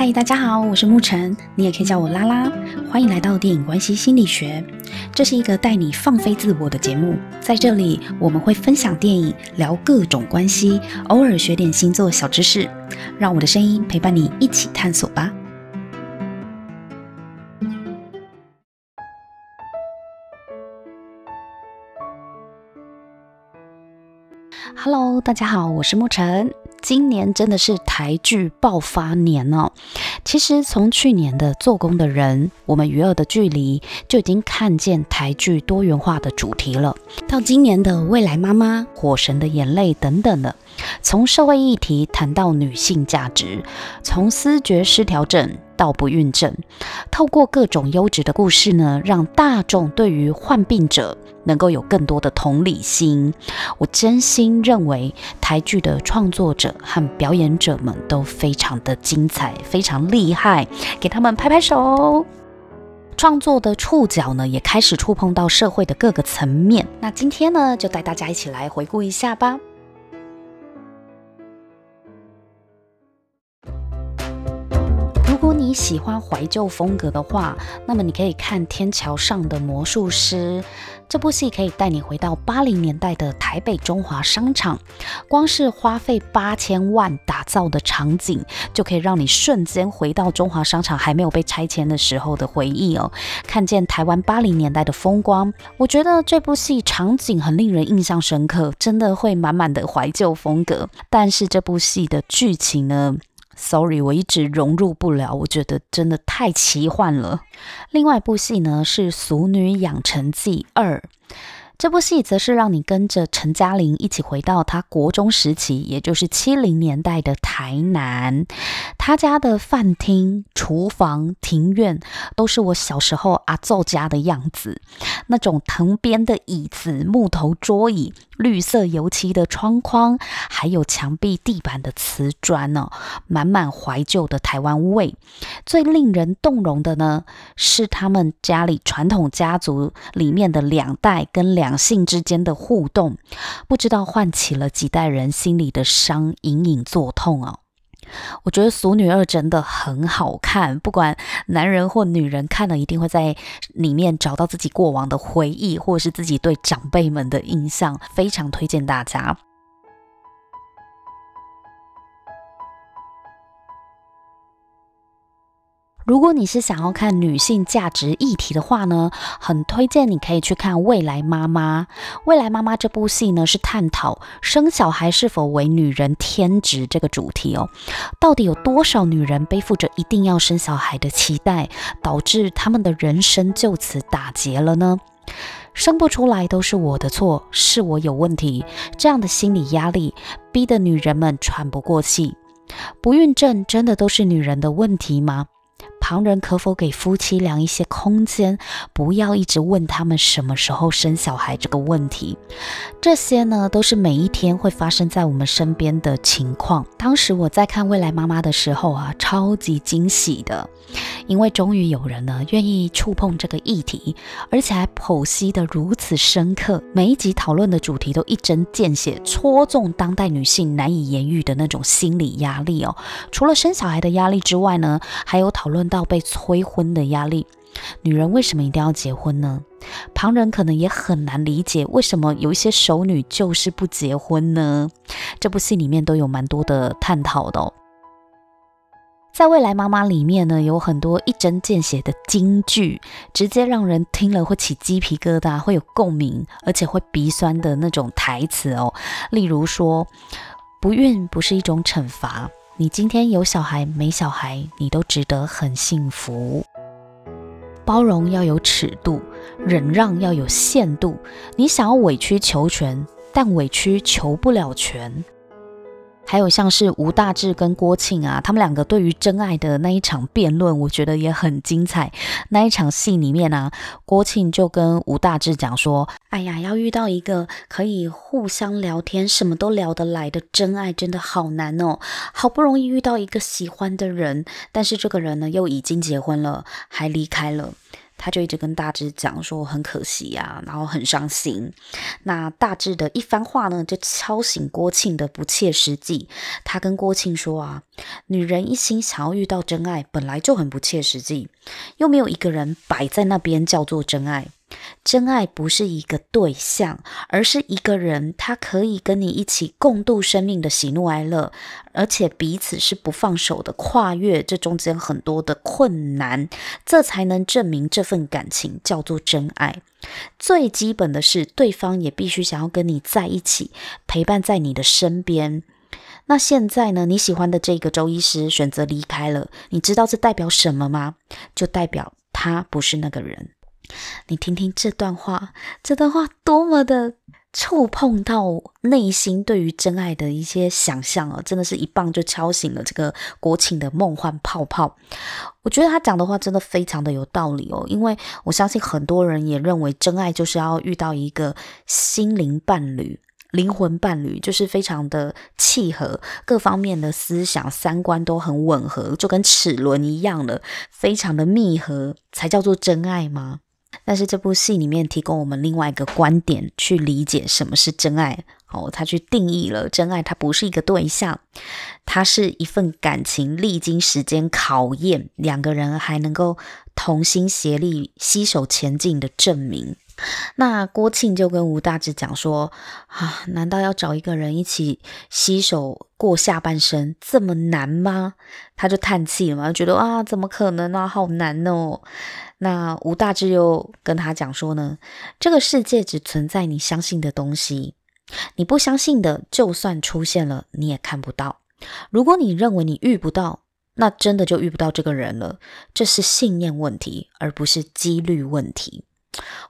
嗨，Hi, 大家好，我是牧晨，你也可以叫我拉拉，歡迎來到電影關係星理學。這是一個帶你放飛自我的節目，在這裡我們會分享電影，聊各種關係，偶爾學點星座小知識，讓我的聲音陪伴你一起探索吧。Hello，大家好，我是沐橙。今年真的是台劇爆發年哦。其實從去年的《做工的人》，《我們與惡的距離》，就已經看見台劇多元化的主題了。到今年的《未來媽媽》，《火神的眼淚》等等的，從社會議題談到女性價值，從思覺失調症，到不孕症，透過各種優質的故事呢，讓大眾對於患病者能夠有更多的同理心。我真心認為台劇的創作者和表演者們都非常的精彩，非常厲害，給他們拍拍手！創作的觸角呢，也開始觸碰到社會的各個層面。那今天呢，就帶大家一起來回顧一下吧。你喜歡懷舊風格的話，那麼你可以看《天橋上的魔術師》這部戲，可以帶你回到八零年代的台北中華商場。光是花費八千萬打造的場景，就可以讓你瞬間回到中華商場還沒有被拆遷的時候的回憶哦，看見台灣八零年代的風光。我覺得這部戲場景很令人印象深刻，真的會滿滿的懷舊風格。但是這部戲的劇情呢？Sorry，我一直融入不了，我覺得真的太奇幻了。另外一部戲呢是《俗女養成記二》，這部戲則是讓你跟着陳嘉玲一起回到她國中時期，也就是七零年代的台南。他家的飯廳、廚房、庭院都是我小時候阿祖家的樣子，那種藤編的椅子、木頭桌椅、綠色油漆的窗框，還有牆壁、地板的瓷磚呢、哦，滿滿懷舊的台灣味。最令人動容的呢，是他們家裡傳統家族裡面的兩代跟兩性之間的互動，不知道喚起了幾代人心裡的傷，隱隱作痛哦。我覺得《俗女二》真的很好看，不管男人或女人看了，一定會在裡面找到自己過往的回憶，或是自己對長輩們的印象，非常推薦大家。如果你是想要看女性價值議題的話呢，很推薦你可以去看《未來媽媽》。《未來媽媽》這部戲呢，是探討生小孩是否為女人天職這個主題哦。到底有多少女人背負着一定要生小孩的期待，導致她們的人生就此打結了呢？生不出來都是我的錯，是我有問題，這樣的心理壓力逼得女人們喘不過氣。不孕症真的都是女人的問題嗎？旁人可否給夫妻倆一些空間，不要一直問他們什麼時候生小孩這個問題？這些呢，都是每一天會發生在我們身邊的情況。當時我在看《未來媽媽》的時候啊，超級驚喜的，因為終於有人呢願意觸碰這個議題，而且還剖析的如此深刻。每一集討論的主題都一針見血，戳中當代女性難以言喻的那種心理壓力哦。除了生小孩的壓力之外呢，還有討論到被催婚的壓力，女人為什麼一定要結婚呢？旁人可能也很難理解，為什麼有一些熟女就是不結婚呢？這部戲裡面都有蠻多的探討的哦。在未來媽媽裡面呢，有很多一針見血的金句，直接讓人聽了會起雞皮疙瘩，會有共鳴，而且會鼻酸的那種台詞哦。例如說，不孕不是一種懲罰。你今天有小孩沒小孩，你都值得很幸福。包容要有尺度，忍讓要有限度。你想要委曲求全，但委曲求不了全。還有像是吳大志跟郭慶啊，他們兩個對於真愛的那一場辯論，我覺得也很精彩。那一場戲裡面啊，郭慶就跟吳大志講說：“哎呀，要遇到一個可以互相聊天、什麼都聊得來的真愛，真的好難哦。好不容易遇到一個喜歡的人，但是這個人呢，又已經結婚了，還離開了。”他就一直跟大致講說很可惜呀、啊，然後很傷心。那大致的一番話呢，就敲醒郭慶的不切實際。他跟郭慶說啊，女人一心想要遇到真愛，本來就很不切實際，又沒有一個人擺在那邊叫做真愛。真愛不是一個對象，而是一個人，他可以跟你一起共度生命的喜怒哀樂，而且彼此是不放手的跨越這中間很多的困難，這才能證明這份感情叫做真愛。最基本的是，對方也必須想要跟你在一起，陪伴在你的身邊。那現在呢？你喜歡的這個周醫師選擇離開了，你知道這代表什麼嗎？就代表他不是那個人。你聽聽這段話，這段話多麼的觸碰到內心對於真愛的一些想象哦、啊,真的是一棒就敲醒了這個國慶的夢幻泡泡。我覺得他講的話真的非常的有道理哦,因為我相信很多人也認為真愛就是要遇到一個心靈伴侶、靈魂伴侶,就是非常的契合各方面的思想、三觀都很吻合,就跟齒輪一樣的,非常的密合才叫做真愛嗎?但是這部戲裡面提供我們另外一個觀點去理解什麼是真愛哦，他去定義了真愛，它不是一個對象，它是一份感情歷經時間考驗，兩個人還能夠同心協力攜手前進的證明。那郭慶就跟吳大志講說：“啊，難道要找一個人一起攜手過下半生這麼難嗎？”他就嘆氣了嘛，覺得啊，怎麼可能呢？啊？好難哦。那吳大志又跟他講說呢，這個世界只存在你相信的東西，你不相信的就算出現了你也看不到。如果你認為你遇不到，那真的就遇不到這個人了。這是信念問題，而不是幾率問題。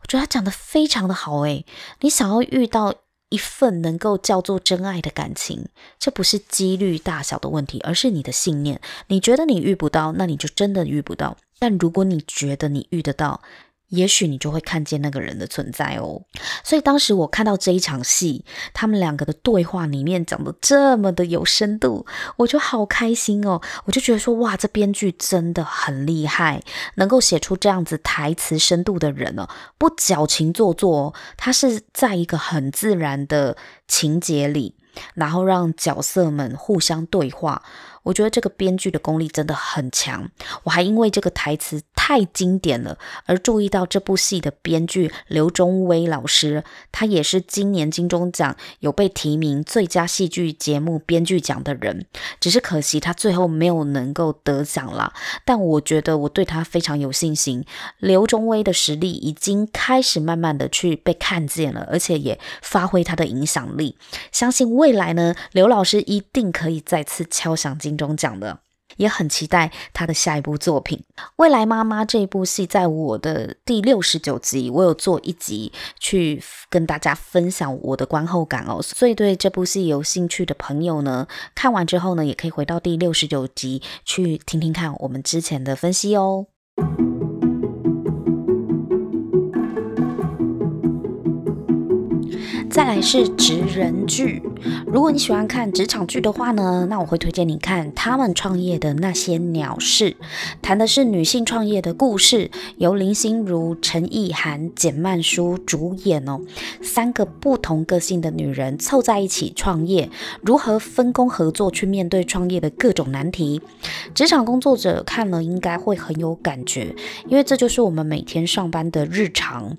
我覺得他講的非常的好誒，你想要遇到一份能夠叫做真愛的感情，這不是幾率大小的問題，而是你的信念。你覺得你遇不到，那你就真的遇不到。但如果你覺得你遇得到，也許你就會看見那個人的存在哦。所以當時我看到這一場戲，他們兩個的對話裡面講得這麼的有深度，我就好開心哦。我就覺得說，哇，這編劇真的很厲害，能夠寫出這樣子台詞深度的人哦、啊，不矯情做作，他是在一個很自然的情節裡，然後讓角色們互相對話。我覺得這個編劇的功力真的很強，我還因為這個台詞太經典了而注意到這部戲的編劇劉忠威老師，他也是今年金鐘獎有被提名最佳戲劇節目編劇獎的人，只是可惜他最後沒有能夠得獎啦。但我覺得我對他非常有信心，劉忠威的實力已經開始慢慢的去被看見了，而且也發揮他的影響力，相信未來呢，劉老師一定可以再次敲響金。心中講的，也很期待他的下一部作品《未來媽媽》這部戲。在我的第六十九集，我有做一集去跟大家分享我的觀後感哦。所以對這部戲有興趣的朋友呢，看完之後呢，也可以回到第六十九集去聽聽看我們之前的分析哦。再來是職人劇，如果你喜歡看職場劇的話呢，那我會推薦你看《他們創業的那些鳥事》，談的是女性創業的故事，由林心如、陳意涵、簡嫚書主演哦。三個不同個性的女人湊在一起創業，如何分工合作去面對創業的各種難題？職場工作者看了應該會很有感覺，因為這就是我們每天上班的日常。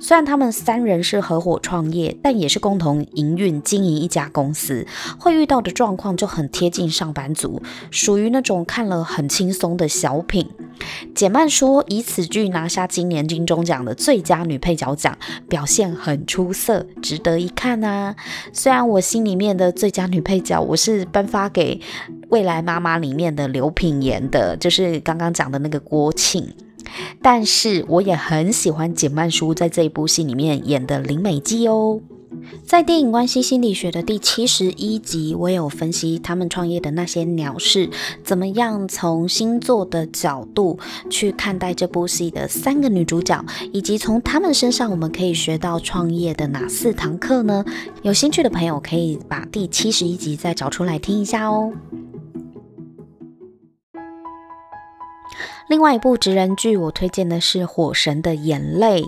雖然他們三人是合夥創業，但也是共同營運經營一家公司，會遇到的狀況就很貼近上班族，屬於那種看了很輕鬆的小品。簡嫚書以此劇拿下今年金鐘獎的最佳女配角獎，表現很出色，值得一看吶、啊。雖然我心裡面的最佳女配角，我是頒發給《未來媽媽》裡面的劉品言的,就是剛剛講的那個郭慶。但是我也很喜歡簡嫚書在這一部戲裡面演的林美姬哦。在電影《關係星理學》的第七十一集，我也有分析他們創業的那些鳥事，怎麼樣從星座的角度去看待這部戲的三個女主角，以及從他們身上我們可以學到創業的哪四堂課呢？有興趣的朋友可以把第七十一集再找出來聽一下哦。另外一部職人劇，我推薦的是《火神的眼淚》。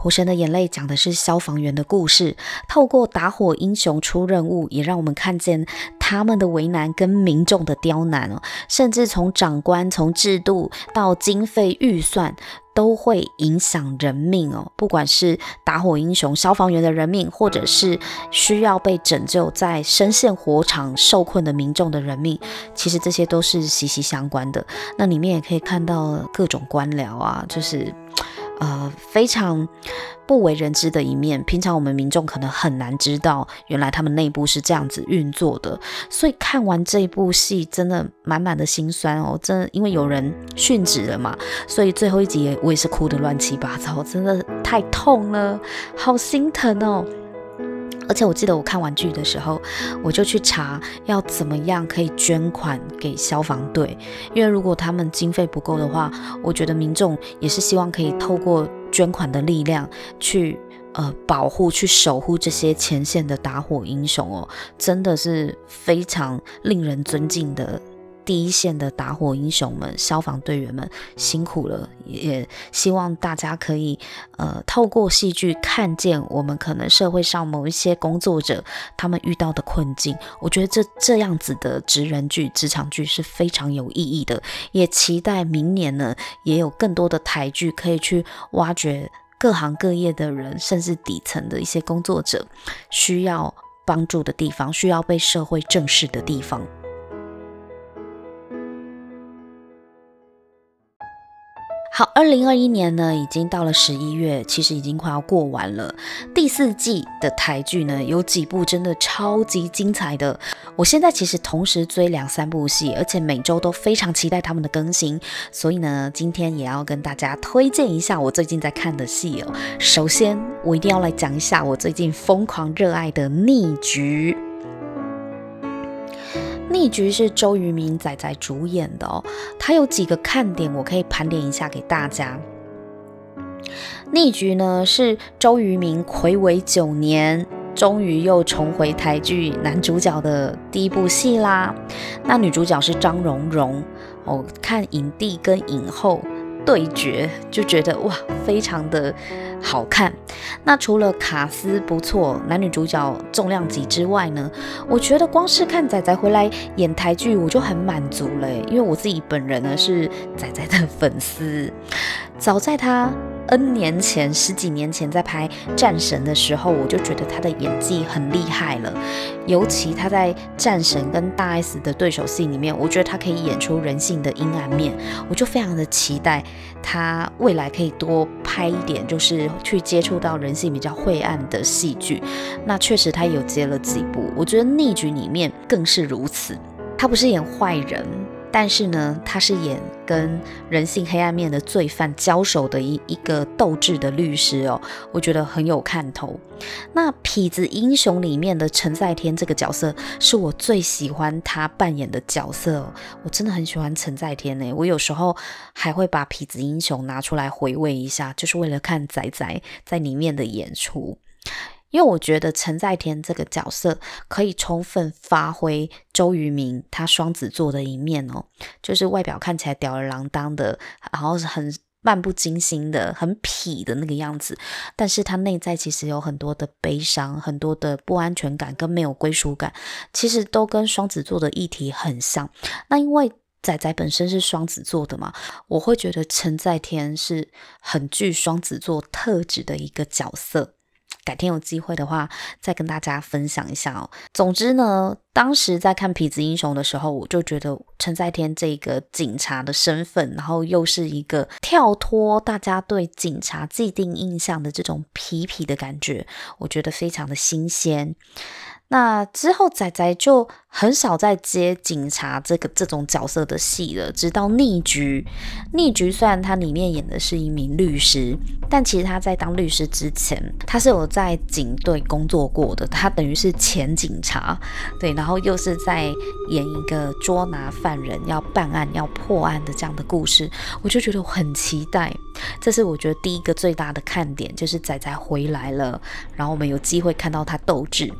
火神的眼淚講的是消防員的故事，透過打火英雄出任務，也讓我們看見他們的為難跟民眾的刁難哦。甚至從長官、從制度到經費預算，都會影響人命哦。不管是打火英雄、消防員的人命，或者是需要被拯救在深陷火場受困的民眾的人命，其實這些都是息息相關的。那裡面也可以看到各種官僚啊，就是。呃，非常不為人知的一面，平常我們民眾可能很難知道，原來他們內部是這樣子運作的。所以看完這部戲，真的滿滿的心酸哦，真的，因為有人殉職了嘛，所以最後一集也我也是哭得亂七八糟，真的太痛了，好心疼哦。而且我記得我看完劇的時候，我就去查要怎麼樣可以捐款給消防隊，因為如果他們經費不夠的話，我覺得民眾也是希望可以透過捐款的力量去呃保護、去守護這些前線的打火英雄哦，真的是非常令人尊敬的。第一線的打火英雄們、消防隊員們辛苦了，也希望大家可以呃透過戲劇看見我們可能社會上某一些工作者他們遇到的困境。我覺得這這樣子的職人劇、職場劇是非常有意義的，也期待明年呢也有更多的台劇可以去挖掘各行各業的人，甚至底層的一些工作者需要幫助的地方，需要被社會正視的地方。好，二零二一年呢，已經到了十一月，其實已經快要過完了。第四季的台劇呢，有幾部真的超級精彩的。我現在其實同時追兩三部戲，而且每周都非常期待他們的更新。所以呢，今天也要跟大家推薦一下我最近在看的戲哦。首先，我一定要來講一下我最近瘋狂熱愛的《逆局》。《逆局》是周渝民仔仔主演的哦，他有幾個看點，我可以盤點一下給大家。《逆局》呢是周渝民暌違九年，終於又重回台劇男主角的第一部戲啦。那女主角是張榕容哦，看影帝跟影後。對決就覺得哇，非常的好看。那除了卡斯不錯，男女主角重量級之外呢，我覺得光是看仔仔回來演台劇，我就很滿足了。因為我自己本人呢是仔仔的粉絲。早在他 N 年前，十幾年前在拍《戰神》的時候，我就覺得他的演技很厲害了。尤其他在《戰神》跟大 S 的對手戲裡面，我覺得他可以演出人性的陰暗面。我就非常的期待他未來可以多拍一點，就是去接觸到人性比較晦暗的戲劇。那確實他有接了幾部，我覺得《逆局》裡面更是如此。他不是演壞人。但是呢，他是演跟人性黑暗面的罪犯交手的一一個鬥智的律師哦，我覺得很有看頭。那《痞子英雄》裡面的陳在天這個角色是我最喜歡他扮演的角色哦，我真的很喜歡陳在天呢。我有時候還會把《痞子英雄》拿出來回味一下，就是為了看仔仔在裡面的演出，因為我覺得陳在天這個角色可以充分發揮。周渝民他雙子座的一面哦，就是外表看起來吊兒郎當的，然後很漫不經心的、很痞的那個樣子，但是他內在其實有很多的悲傷、很多的不安全感跟沒有歸屬感，其實都跟雙子座的議題很像。那因為仔仔本身是雙子座的嘛，我會覺得陳在天是很具雙子座特質的一個角色。改天有機會的話，再跟大家分享一下哦。總之呢，當時在看《痞子英雄》的時候，我就覺得陳在天這個警察的身份，然後又是一個跳脫大家對警察既定印象的這種痞痞的感覺，我覺得非常的新鮮。那之後，仔仔就很少再接警察這個這種角色的戲了。直到逆局，逆局雖然他裡面演的是一名律師，但其實他在當律師之前，他是有在警隊工作過的，他等於是前警察。對，然後又是在演一個捉拿犯人、要辦案、要破案的這樣的故事，我就覺得我很期待。這是我覺得第一個最大的看點，就是仔仔回來了，然後我們有機會看到他鬥智。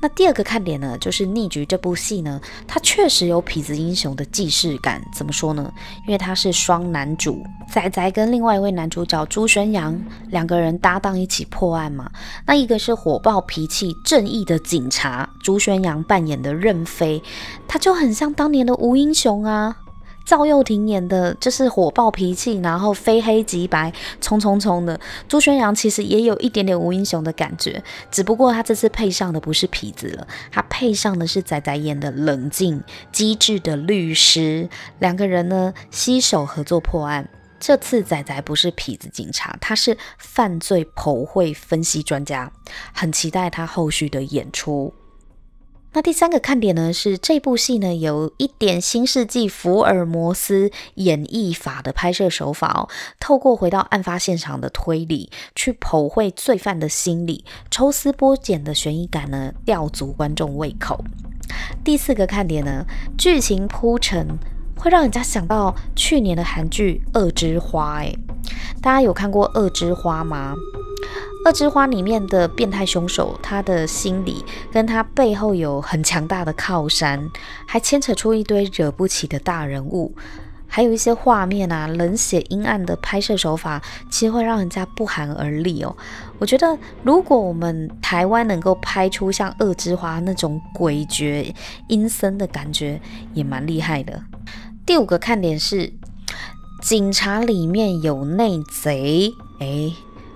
那第二個看點呢，就是《逆局》這部戲呢，它確實有痞子英雄的既視感。怎麼說呢？因為他是雙男主，仔仔跟另外一位男主角朱軒洋兩個人搭檔一起破案嘛。那一個是火爆脾氣、正義的警察朱軒洋扮演的任飛他就很像當年的吳英雄啊。趙又廷演的就是火爆脾氣，然後非黑即白，衝衝衝的。朱軒洋其實也有一點點無英雄的感覺，只不過他這次配上的不是痞子了，他配上的是仔仔演的冷靜機智的律師。兩個人呢攜手合作破案。這次仔仔不是痞子警察，他是犯罪剖繪分析專家。很期待他後續的演出。那第三個看點呢，是這部戲呢有一點新世紀福爾摩斯演繹法的拍攝手法哦，透過回到案發現場的推理，去剖繪罪犯的心理，抽絲剝繭的懸疑感呢，吊足觀眾胃口。第四個看點呢，劇情鋪陳會讓人家想到去年的韓劇《惡之花》誒，大家有看過《惡之花》嗎？《惡之花》裡面的變態兇手，他的心理跟他背後有很強大的靠山，還牽扯出一堆惹不起的大人物，還有一些畫面啊，冷血陰暗的拍攝手法，其實會讓人家不寒而慄哦。我覺得，如果我們台灣能夠拍出像《惡之花》那種詭譎陰森的感覺，也蠻厲害的。第五個看點是，警察裡面有內賊，誒。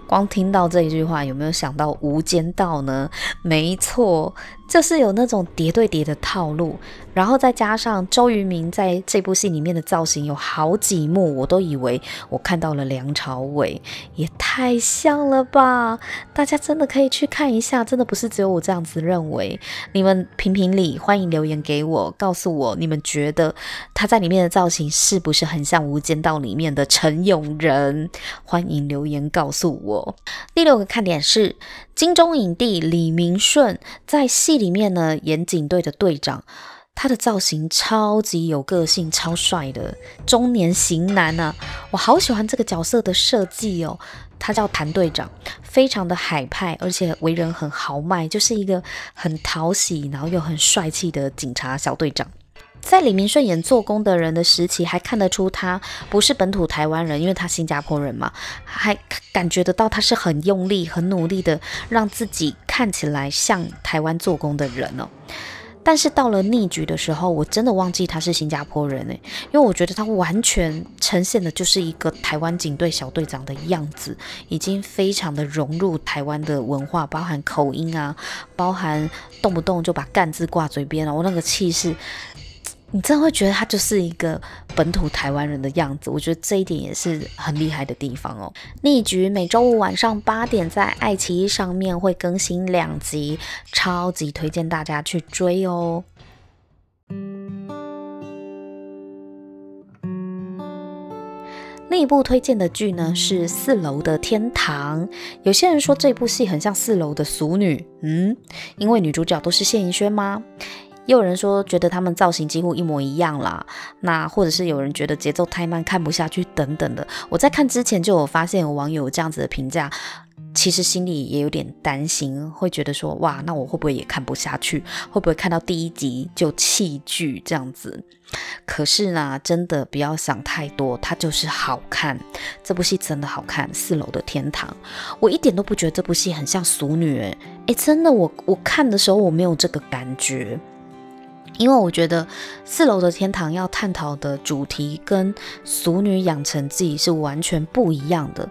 光聽到這一句話，有沒有想到《無間道》呢？沒錯。就是有那種疊對疊的套路，然後再加上周渝民在這部戲裡面的造型，有好幾幕我都以為我看到了梁朝偉，也太像了吧！大家真的可以去看一下，真的不是只有我這樣子認為。你們評評理，歡迎留言給我，告訴我你們覺得他在裡面的造型是不是很像《無間道》裡面的陳永仁？歡迎留言告訴我。第六個看點是。金鐘影帝李銘順在戲裡面呢，演警隊的隊長，他的造型超級有個性，超帥的中年型男呢、啊，我好喜歡這個角色的設計哦。他叫譚隊長，非常的海派，而且為人很豪邁，就是一個很討喜，然後又很帥氣的警察小隊長。在李明順演《做工的人》的時期，還看得出他不是本土台灣人，因為他新加坡人嘛，還感覺得到他是很用力，很努力的讓自己看起來像台灣做工的人哦。但是到了逆局的時候，我真的忘記他是新加坡人誒，因為我覺得他完全呈現的就是一個台灣警隊小隊長的樣子，已經非常的融入台灣的文化，包含口音啊，包含動不動就把幹字掛嘴邊了，哦，我那個氣勢。你真會覺得他就是一個本土台灣人的樣子，我覺得這一點也是很厲害的地方哦。逆局每周五晚上八點在愛奇藝上面會更新兩集，超級推薦大家去追哦。另一部推薦的劇呢是《四樓的天堂》，有些人說這部戲很像《四樓的俗女》，嗯，因為女主角都是謝盈萱嗎？又有人說覺得他們造型幾乎一模一樣啦，那或者是有人覺得節奏太慢看不下去等等的。我在看之前就有發現有網友這樣子的評價，其實心裡也有點擔心，會覺得說哇，那我會不會也看不下去？會不會看到第一集就棄劇這樣子？可是呢，真的不要想太多，它就是好看。這部戲真的好看，《四樓的天堂》，我一點都不覺得這部戲很像俗女欸。哎，真的，我我看的時候我沒有這個感覺。因為我覺得四樓的天堂要探討的主題跟俗女養成記是完全不一樣的。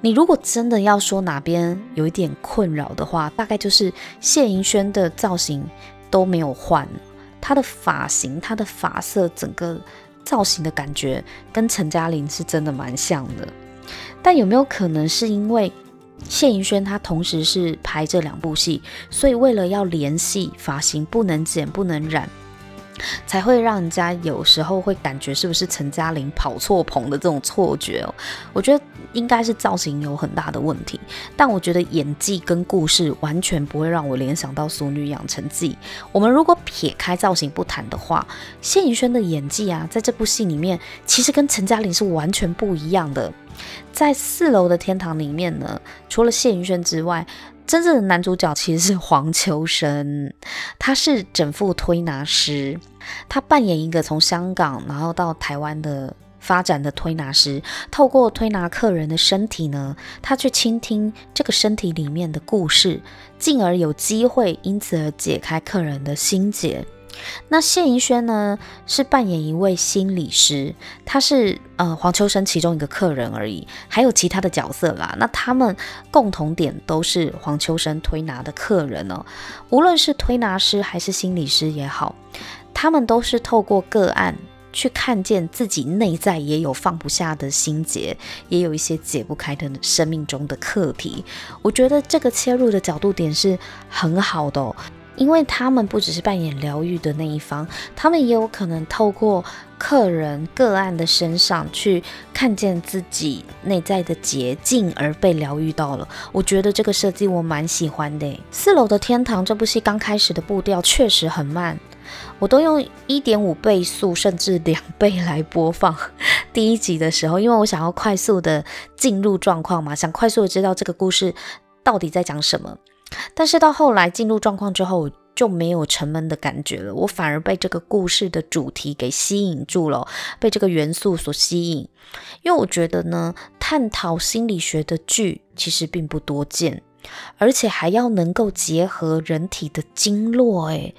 你如果真的要說哪邊有一點困擾的話，大概就是謝盈萱的造型都沒有換，他的髮型、他的髮色，整個造型的感覺跟陳嘉玲是真的蠻像的。但有沒有可能是因為？謝盈萱她同時是拍這兩部戲，所以為了要連戲，髮型不能剪不能染，才會讓人家有時候會感覺是不是陳嘉玲跑錯棚的這種錯覺哦。我覺得應該是造型有很大的問題，但我覺得演技跟故事完全不會讓我聯想到《俗女養成記》。我們如果撇開造型不談的話，謝盈萱的演技啊，在這部戲裡面其實跟陳嘉玲是完全不一樣的。在四樓的天堂裡面呢，除了謝雲軒之外，真正的男主角其實是黃秋生。他是整復推拿師，他扮演一個從香港然後到台灣的發展的推拿師，透過推拿客人的身體呢，他去傾聽這個身體裡面的故事，進而有機會因此而解開客人的心結。那謝盈萱呢，是扮演一位心理師，他是呃黃秋生其中一個客人而已，還有其他的角色啦。那他們共同點都是黃秋生推拿的客人呢、哦，無論是推拿師還是心理師也好，他們都是透過個案去看見自己內在也有放不下的心結，也有一些解不開的生命中的課題。我覺得這個切入的角度點是很好的、哦。因為他們不只是扮演療癒的那一方，他們也有可能透過客人個案的身上去看見自己內在的捷徑而被療癒到了。我覺得這個設計我蠻喜歡的。四樓的天堂這部戲剛開始的步調確實很慢，我都用一點五倍速甚至兩倍來播放第一集的時候，因為我想要快速的進入狀況嘛，想快速的知道這個故事到底在講什麼。但是到後來進入狀況之後，就沒有沉悶的感覺了。我反而被這個故事的主題給吸引住了，被這個元素所吸引。因為我覺得呢，探討心理學的劇其實並不多見，而且還要能夠結合人體的經絡，誒。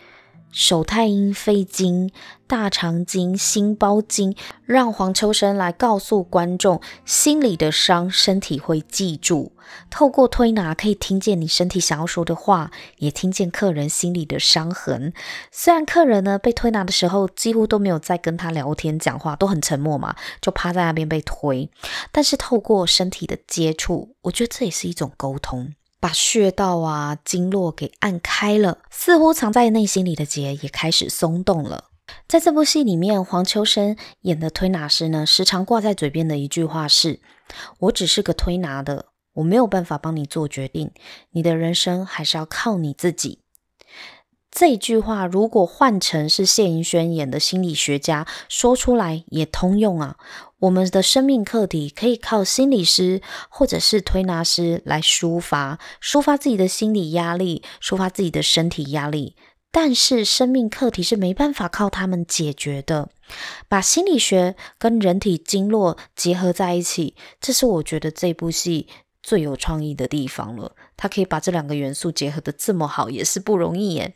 手太陰肺經、大腸經、心包經，讓黃秋生來告訴觀眾：心裡的傷，身體會記住。透過推拿，可以聽見你身體想要說的話，也聽見客人心裡的傷痕。雖然客人呢被推拿的時候，幾乎都沒有在跟他聊天講話，都很沉默嘛，就趴在那邊被推。但是透過身體的接觸，我覺得這也是一種溝通。把穴道啊、經絡給按開了，似乎藏在內心裡的結也開始鬆動了。在這部戲裡面，黃秋生演的推拿師呢，時常掛在嘴邊的一句話是：“我只是個推拿的，我沒有辦法幫你做決定，你的人生還是要靠你自己。”這一句話如果換成是謝盈萱演的心理學家說出來也通用啊。我們的生命課題可以靠心理師或者是推拿師來抒發，抒發自己的心理壓力，抒發自己的身體壓力。但是生命課題是沒辦法靠他們解決的。把心理學跟人體經絡結合在一起，這是我覺得這部戲最有創意的地方了。它可以把這兩個元素結合的這麼好，也是不容易耶。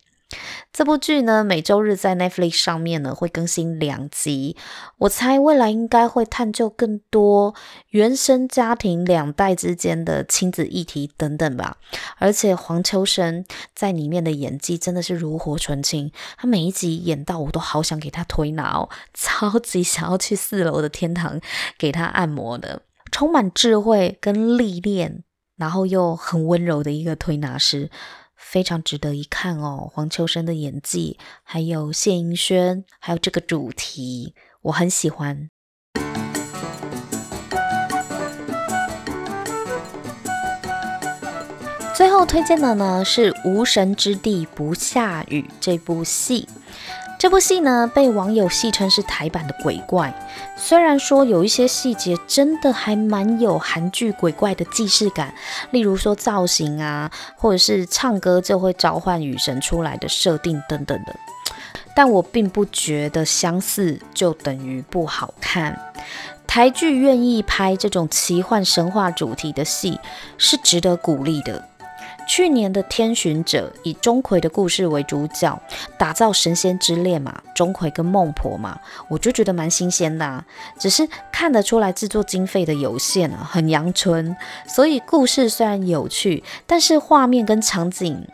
這部劇呢，每週日在 Netflix 上面呢會更新兩集。我猜未來應該會探究更多原生家庭兩代之間的親子議題等等吧。而且黃秋生在裡面的演技真的是爐火純青，他每一集演到我都好想給他推拿哦，超級想要去四樓的天堂給他按摩的，充滿智慧跟歷練，然後又很溫柔的一個推拿師。非常值得一看哦，黃秋生的演技，還有謝盈萱，還有這個主題，我很喜歡。最後推薦的呢是《無神之地不下雨》這部戲。這部戲呢，被網友戲稱是台版的鬼怪。雖然說有一些細節真的還蠻有韓劇鬼怪的既視感，例如說造型啊，或者是唱歌就會召喚雨神出來的設定等等的，但我並不覺得相似就等於不好看。台劇願意拍這種奇幻神話主題的戲，是值得鼓勵的。去年的《天巡者》以鍾馗的故事為主角，打造神仙之戀嘛，鍾馗跟孟婆嘛，我就覺得蠻新鮮的啊。只是看得出來制作經費的有限啊，很陽春，所以故事雖然有趣，但是畫面跟場景。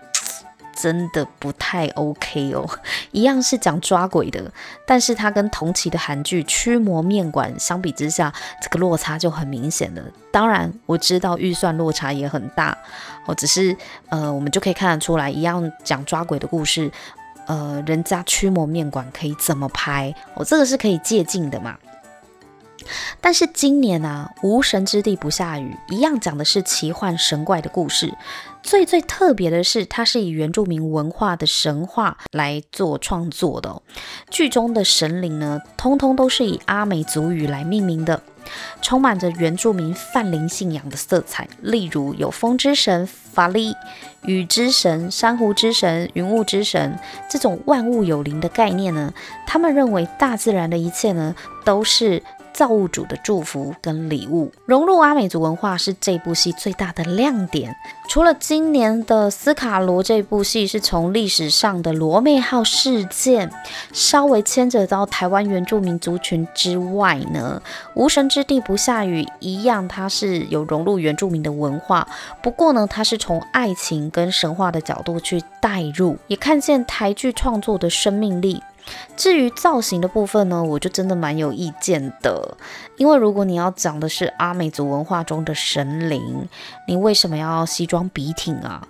真的不太 OK 哦，一樣是講抓鬼的，但是它跟同期的韓劇《驅魔面館》相比之下，這個落差就很明顯了。當然，我知道預算落差也很大，我只是呃，我們就可以看得出來，一樣講抓鬼的故事，呃，人家驅魔面館可以怎麼拍，我、哦、這個是可以借鑑的嘛。但是今年啊，無神之地不下雨，一樣講的是奇幻神怪的故事。最最特別的是，它是以原住民文化的神話來做創作的哦。劇中的神靈呢，通通都是以阿美族語來命名的，充滿着原住民泛靈信仰的色彩。例如，有風之神法力、雨之神、珊瑚之神、雲霧之神，這種萬物有靈的概念呢，他們認為大自然的一切呢，都是。造物主的祝福跟禮物融入阿美族文化是這部戲最大的亮點。除了今年的《斯卡羅》這部戲是從歷史上的羅妹號事件稍微牽扯到台灣原住民族群之外呢，《無神之地不下雨》一樣，它是有融入原住民的文化。不過呢，它是從愛情跟神話的角度去帶入，也看見台劇創作的生命力。至於造型的部分呢，我就真的蠻有意見的。因為如果你要講的是阿美族文化中的神靈，你為什麼要西裝筆挺啊？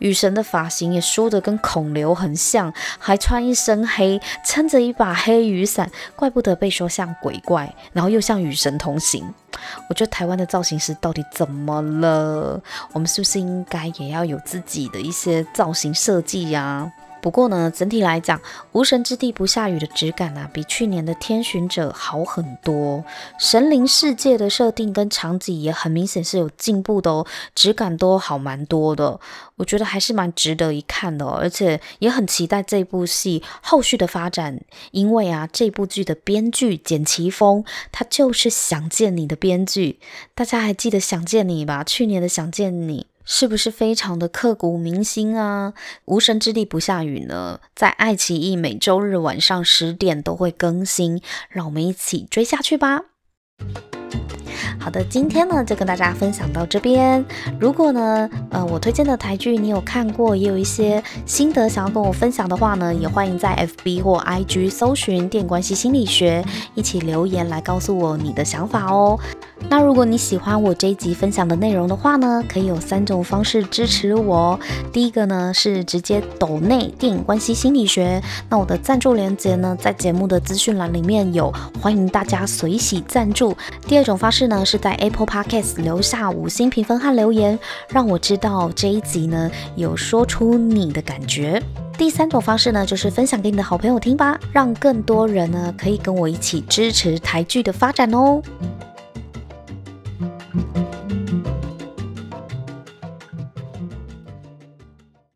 雨神的髮型也梳得跟孔劉很像，還穿一身黑，撐着一把黑雨傘，怪不得被說像鬼怪，然後又像雨神同行。我覺得台灣的造型師到底怎麼了？我們是不是應該也要有自己的一些造型設計呀、啊？不過呢，整體來講，《無神之地不下雨》的質感呢、啊，比去年的《天巡者》好很多。神靈世界的設定跟場景也很明顯是有進步的哦，質感都好蠻多的。我覺得還是蠻值得一看的、哦，而且也很期待這部戲後續的發展。因為啊，這部劇的編劇簡奇峰，他就是想見你的編劇。大家還記得《想見你》吧？去年的《想見你》。是不是非常的刻骨銘心啊！無神之地不下雨呢，在愛奇藝每週日晚上十點都會更新，讓我們一起追下去吧。好的，今天呢就跟大家分享到這邊。如果呢，呃，我推薦的台劇你有看過，也有一些心得想要跟我分享的話呢，也歡迎在 FB 或 IG 搜尋“電影關係星理學”，一起留言來告訴我你的想法哦。那如果你喜歡我這一集分享的內容的話呢，可以有三種方式支持我。第一個呢是直接抖內電影關係星理學，那我的贊助連接呢在節目的資訊欄裡面有，歡迎大家隨喜贊助。第二種方式呢是在 Apple Podcast 留下五星評分和留言，讓我知道這一集呢有說出你的感覺。第三種方式呢就是分享給你的好朋友聽吧，讓更多人呢可以跟我一起支持台劇的發展哦。